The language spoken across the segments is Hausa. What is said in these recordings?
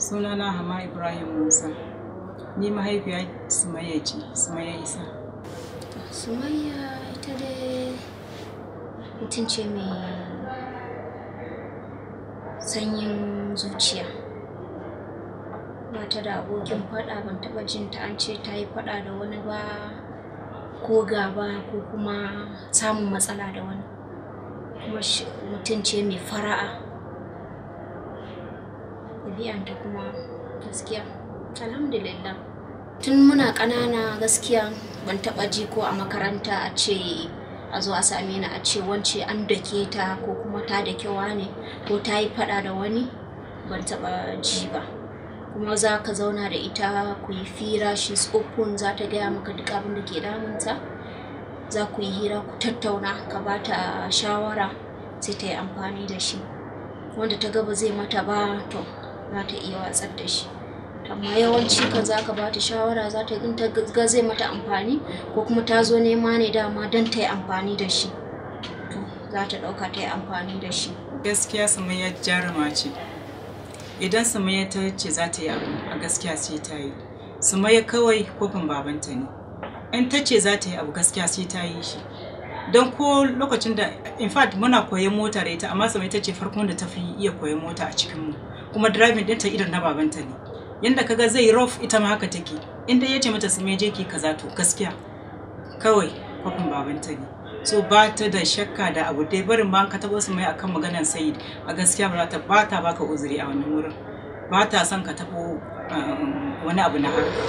sunana hama ibrahim musa ni mahaifiya sumayya ce sumayya isa sumayya ita dai mutum ce mai sanyin zuciya mata da abokin faɗa ban taba jin ta an ce ta yi faɗa da wani ba ko gaba ko kuma samun matsala da wani kuma mutum ce mai fara'a ɗabi'anta kuma gaskiya alhamdulillah tun muna ƙanana gaskiya ban taɓa ji ko a makaranta a ce a zo a same ni a ce wance an dake ta ko kuma ta da kyawa ne ko ta yi faɗa da wani ban taɓa ji ba kuma za ka zauna da ita ku yi fira shi open za ta gaya maka duk abin da ke damunta za ku yi hira ku tattauna ka ba ta shawara sai ta yi amfani da shi wanda ta gaba zai mata ba to za ta iya watsar da shi amma yawanci kan za ka bata shawara za ta ta ga zai mata amfani ko kuma ta zo nema ne dama don ta yi amfani da shi to za ta ɗauka ta yi amfani da shi gaskiya samayya jaruma ce idan samayya ta ce za ta yi abu a gaskiya sai ta yi samayya kawai kofin babanta ne in ta ce za ta yi abu gaskiya sai ta yi shi don ko lokacin da in fact muna koyon mota da ita amma samayya ta ce farkon da ta fi iya koyon mota a cikin mu kuma driving ɗinta idan na babanta ne yanda kaga zai rough ita ma haka take inda ya ce mata su meje ki kaza to gaskiya kawai kwafin babanta ne so ba ta da shakka da abu dai barin ba ka taɓa su mai akan maganar sayid a gaskiya ba ta ba ta baka uzuri a wannan wurin ba ta son ka taɓo um, wani abu na harka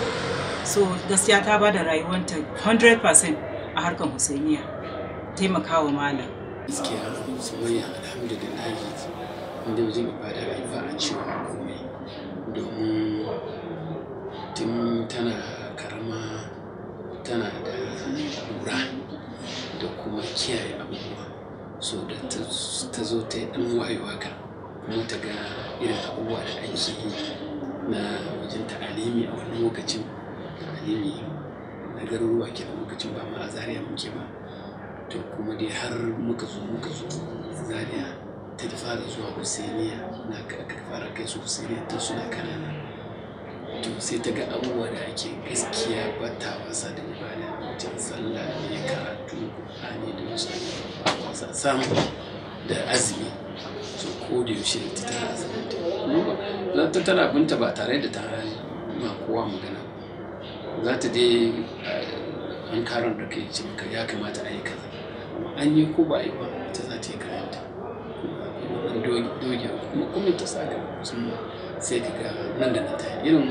so gaskiya ta ba da rayuwanta 100% a harkar husainiya taimakawa malam gaskiya alhamdulillah inda zai ba da rayuwa a cewa komai domin tun tana karama tana da lura da kuma kiyaye abubuwa so da ta zo ta yi ɗan wayewa ka kuma ta ga irin abubuwa da ake yi na wajen alimi a wani lokacin alimi na garuruwa ke da lokacin ba ma a zariya muke ba to kuma dai har muka zo muka zo zariya ta fara zuwa husainiya na aka fara kai su husainiya ta suna kanana to sai ta ga abubuwa da ake gaskiya ba ta wasa da ibada wajen sallah ne karatu ne da wasu ba wasa samu da azumi so ko da yaushe ta tara azumi kuma za ta tara binta ba tare da ta ma kowa magana za ta dai eh, an karon da kai cikin ya kamata a yi kaza an yi ko ba a yi ba doge kuma kuma ta sa sun sai ka ga nan da nan ta irin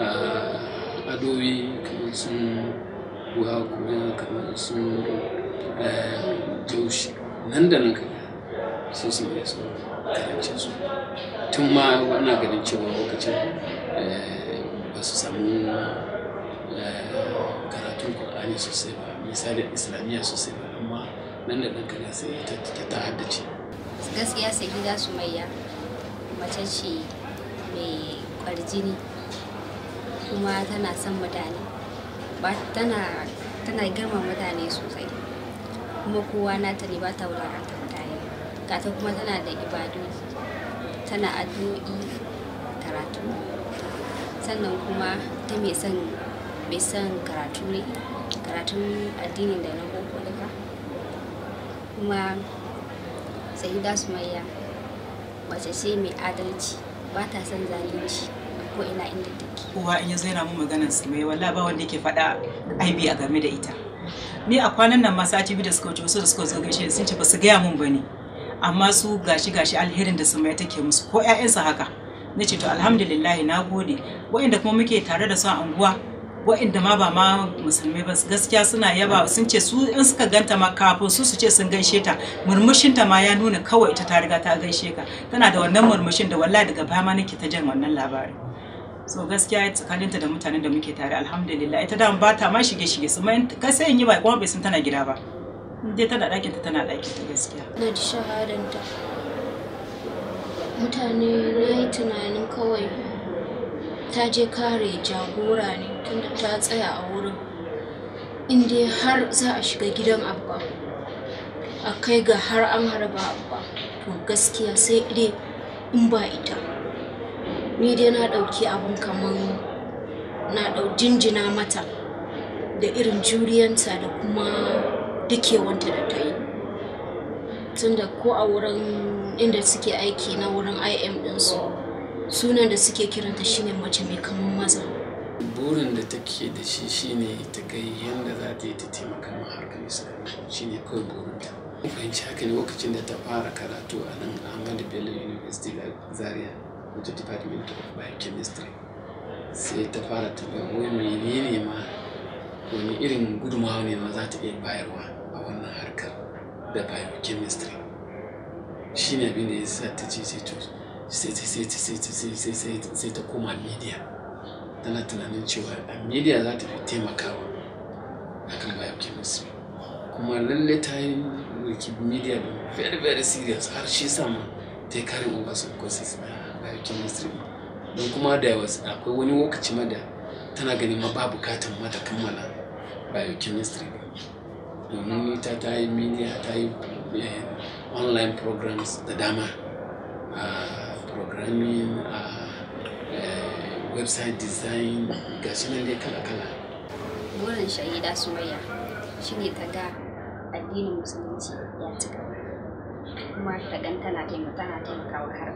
ah, adobi kamar sun buha kuma kamar sun eh, jaushi nan da nan ka sun sun yi su karance su tun ma ana ganin cewa lokacin eh, ba su samu eh, karatun kur'ani sosai ba misali islamiyya sosai ba amma nan da nan kaga sai ta ta haddace gaskiya sahila sumayya mace ce mai kwarjini kuma tana son mutane ba tana tana girma mutane sosai kuma kowa nata ne ba ta ta mutane gata kuma tana da ibadu tana addu'o'i karatu sannan kuma ta mai son mai son karatu ne karatun addinin da na boko duka kuma Sa'ida Sumayya wace ce mai adalci ba ta son zalunci ko ina inda take. Kowa in ya zo yana mu maganar mai walla ba wanda yake faɗa aibi a game da ita. Ni a kwanan nan ma sati biyu da suka wuce wasu da suka zo gaishe sun ce ba su gaya mun ba ne. Amma su gashi gashi alherin da Sumayya take musu ko 'ya'yansa haka. Na ce to alhamdulillahi na gode. waɗanda kuma muke tare da su a unguwa wa'inda ma ba ma musulmi ba gaskiya suna yaba sun ce su in suka ganta ma kafin su su ce sun gaishe ta murmushin ta ma ya nuna kawai ita ta riga ta gaishe ka tana da wannan murmushin da wallahi daga baya ma nake ta jin wannan labarin so gaskiya tsakaninta da mutanen da muke tare alhamdulillah ita da ba ta ma shige shige su mai sai yin yi ba kuma bai san tana gida ba dai tana ta tana ta gaskiya na ji shahadanta mutane na yi tunanin kawai ta je kare jagora ne tunda ta tsaya a wurin inda har za a shiga gidan abba a kai ga har an harba abba to gaskiya sai dai in ba ita ni dai na ɗauki abin kamar na ɗau jinjina mata da irin juriyanta da kuma dukewanta da ta yi tunda ko a wurin inda suke aiki na wurin im ɗinsu sunan da suke kiranta shine mace mai kamar maza burin da take da shi shine ta ga yadda za ta yi ta taimaka ma harkar islamiyya shine kawai burinta fahimci haka ne lokacin da ta fara karatu a nan ahmadu bello university da zaria wato department of biochemistry sai ta fara tambayar wai menene ma wani irin gudunmawa ne ma za ta iya bayarwa a wannan harkar da biochemistry shine abin da ya sa ta ce sai to sai ta koma media tana tunanin cewa a media za ta fi taimakawa a kan biochemistry kuma lalle ta yi rikid media da very very serious har shi sama ta yi karin over psychosis na biochemistry don kuma da akwai wani lokaci ma da tana ganin ma ba bukatan mata ta kammala biochemistry domin ita ta yi media ta yi eh, online programs da dama programming uh, uh, website design ga shi nan kala-kala burin shahida sumayya shine ta ga addinin musulunci ya cika, kuma ta gan tana tana taimakawa har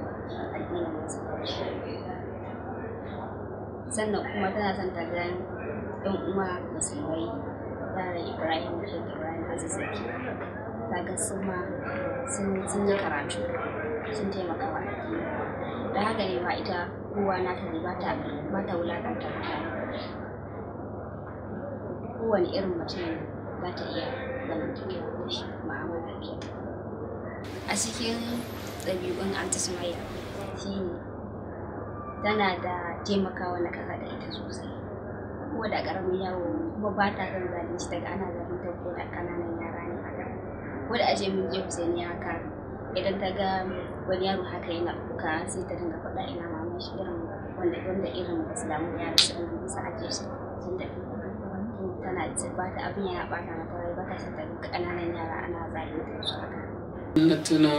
addinin musulunci sannan kuma tana son ta ga yan uwa musulmai yaran ibrahim shekaru ibrahim azizaki kaga sun ma sun yi karatu sun taimaka wa da haka ne ma ita kowa na ta ne ba ta wulakanta mutane kowane irin mutum za ta iya zamantakewa da shi ma'amala ke a cikin ɗabi'un anti shi ne. tana da taimakawa na kasa da ita sosai ko da ƙaramin yawo kuma ba ta son zalunci daga ana zalunta ko da ƙananan yara ko da aje mun je Husaini haka idan ta ga wani yaro haka yana kuka sai ta dinga faɗa ina mama shi irin wanda wanda irin islamu ya rasu an sa aje shi sun tafi tana ba ta abin ya bata mata rai ba ta sai ta ga ƙananan yara ana zalunta su haka. Na tuna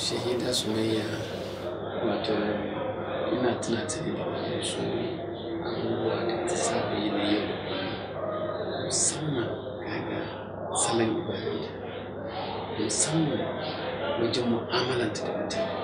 shahida Sumayya wato ina tuna ta ne da wasu abubuwa da ta saba yi na yau da kuma musamman kaga salon ibada musamman wajen mu'amalanta da mutane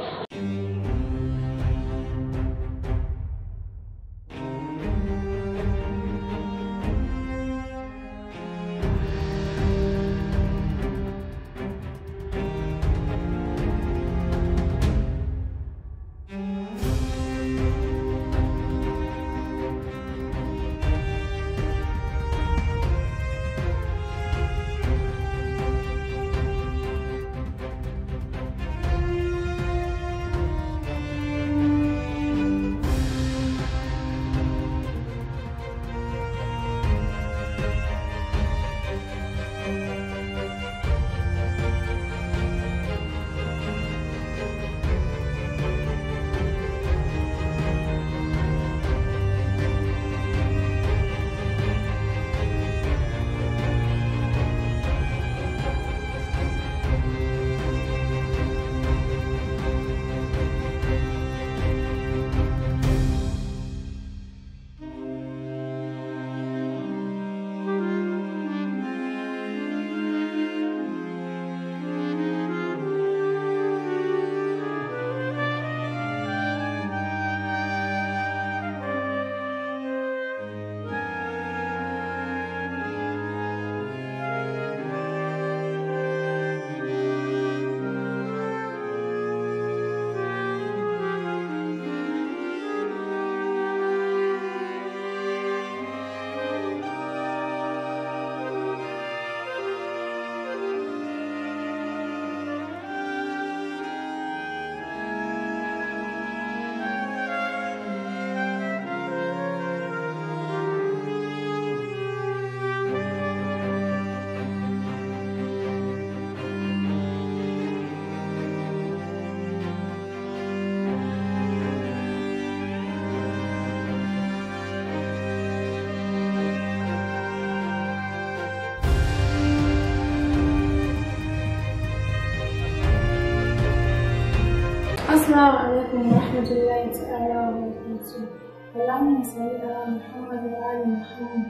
السلام عليكم ورحمة الله تعالى وبركاته اللهم صل على محمد وعلى محمد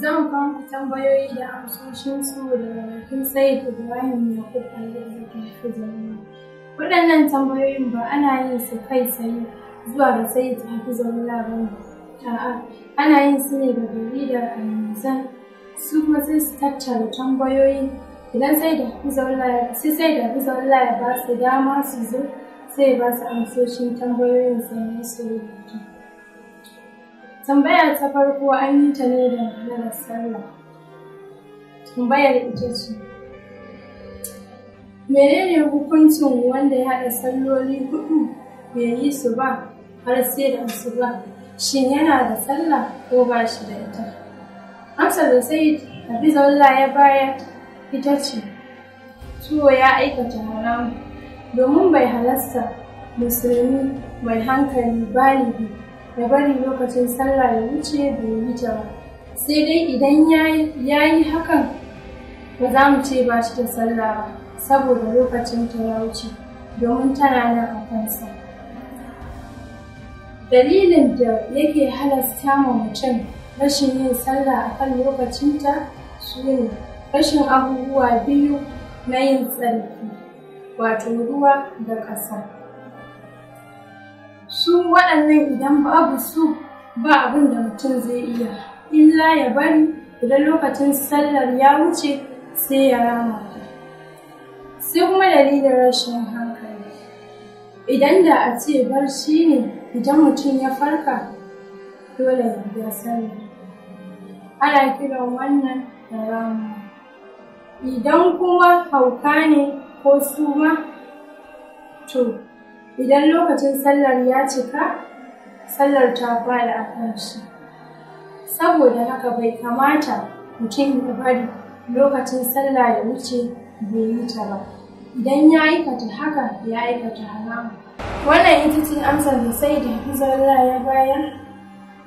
zan ku tambayoyi da amsoshin su daga bakin Sayyid Ibrahim Yakub Al-Zakafizallah. Waɗannan tambayoyin ba ana yin su kai tsaye zuwa ga Sayyid Hafizallah ba ne. A'a, ana yin su ne ga da almanzan su su tattara tambayoyin idan sai da sai sai da hafiza wallahi ya ba su dama su zo sai ba su amsoshin tambayoyin sanin su rubuta tambaya ta farko an yi ta ne da ranar sallah tambayar ita ce menene hukuncin wanda ya haɗa salloli hudu bai yi su ba har sai da su ba shin yana da sallah ko ba shi da ita amsar da sai hafiza wallahi ya bayar ita ce tuwo ya aikata haramu domin bai halasta musulmi mai hankali balibi ya bari lokacin sallah ya wuce bai yi ba sai dai idan ya yi hakan ba za mu ce ba shi da sallah ba saboda lokacin ta ya wuce domin tana nan a kansa dalilin da yake halasta ma mutum rashin yin sallah a kan lokacinta su ne rashin abubuwa biyu na yin tsarki wato ruwa da ƙasa su waɗannan idan babu su ba abin da mutum zai iya illa ya bari idan lokacin sallar ya wuce sai ya rama sai kuma dalilin rashin hankali idan da a ce barci ne idan mutum ya farka dole ya sallar ana kiran wannan da rama idan kuma hauka ne ko suma to idan lokacin sallar ya cika sallar ta fara a kan shi saboda haka bai kamata mutum ya bari lokacin salla ya wuce bai yi ta ba idan ya aikata haka ya aikata haramu wannan ita ce amsar da sai da hafizarra ya bayar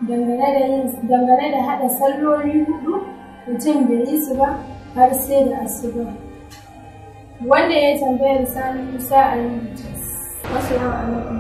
dangane da haɗa salloli hudu mutum bai yi su ba har sai da asuba wanda ya tambayar sani musa a yi assalamu alaikum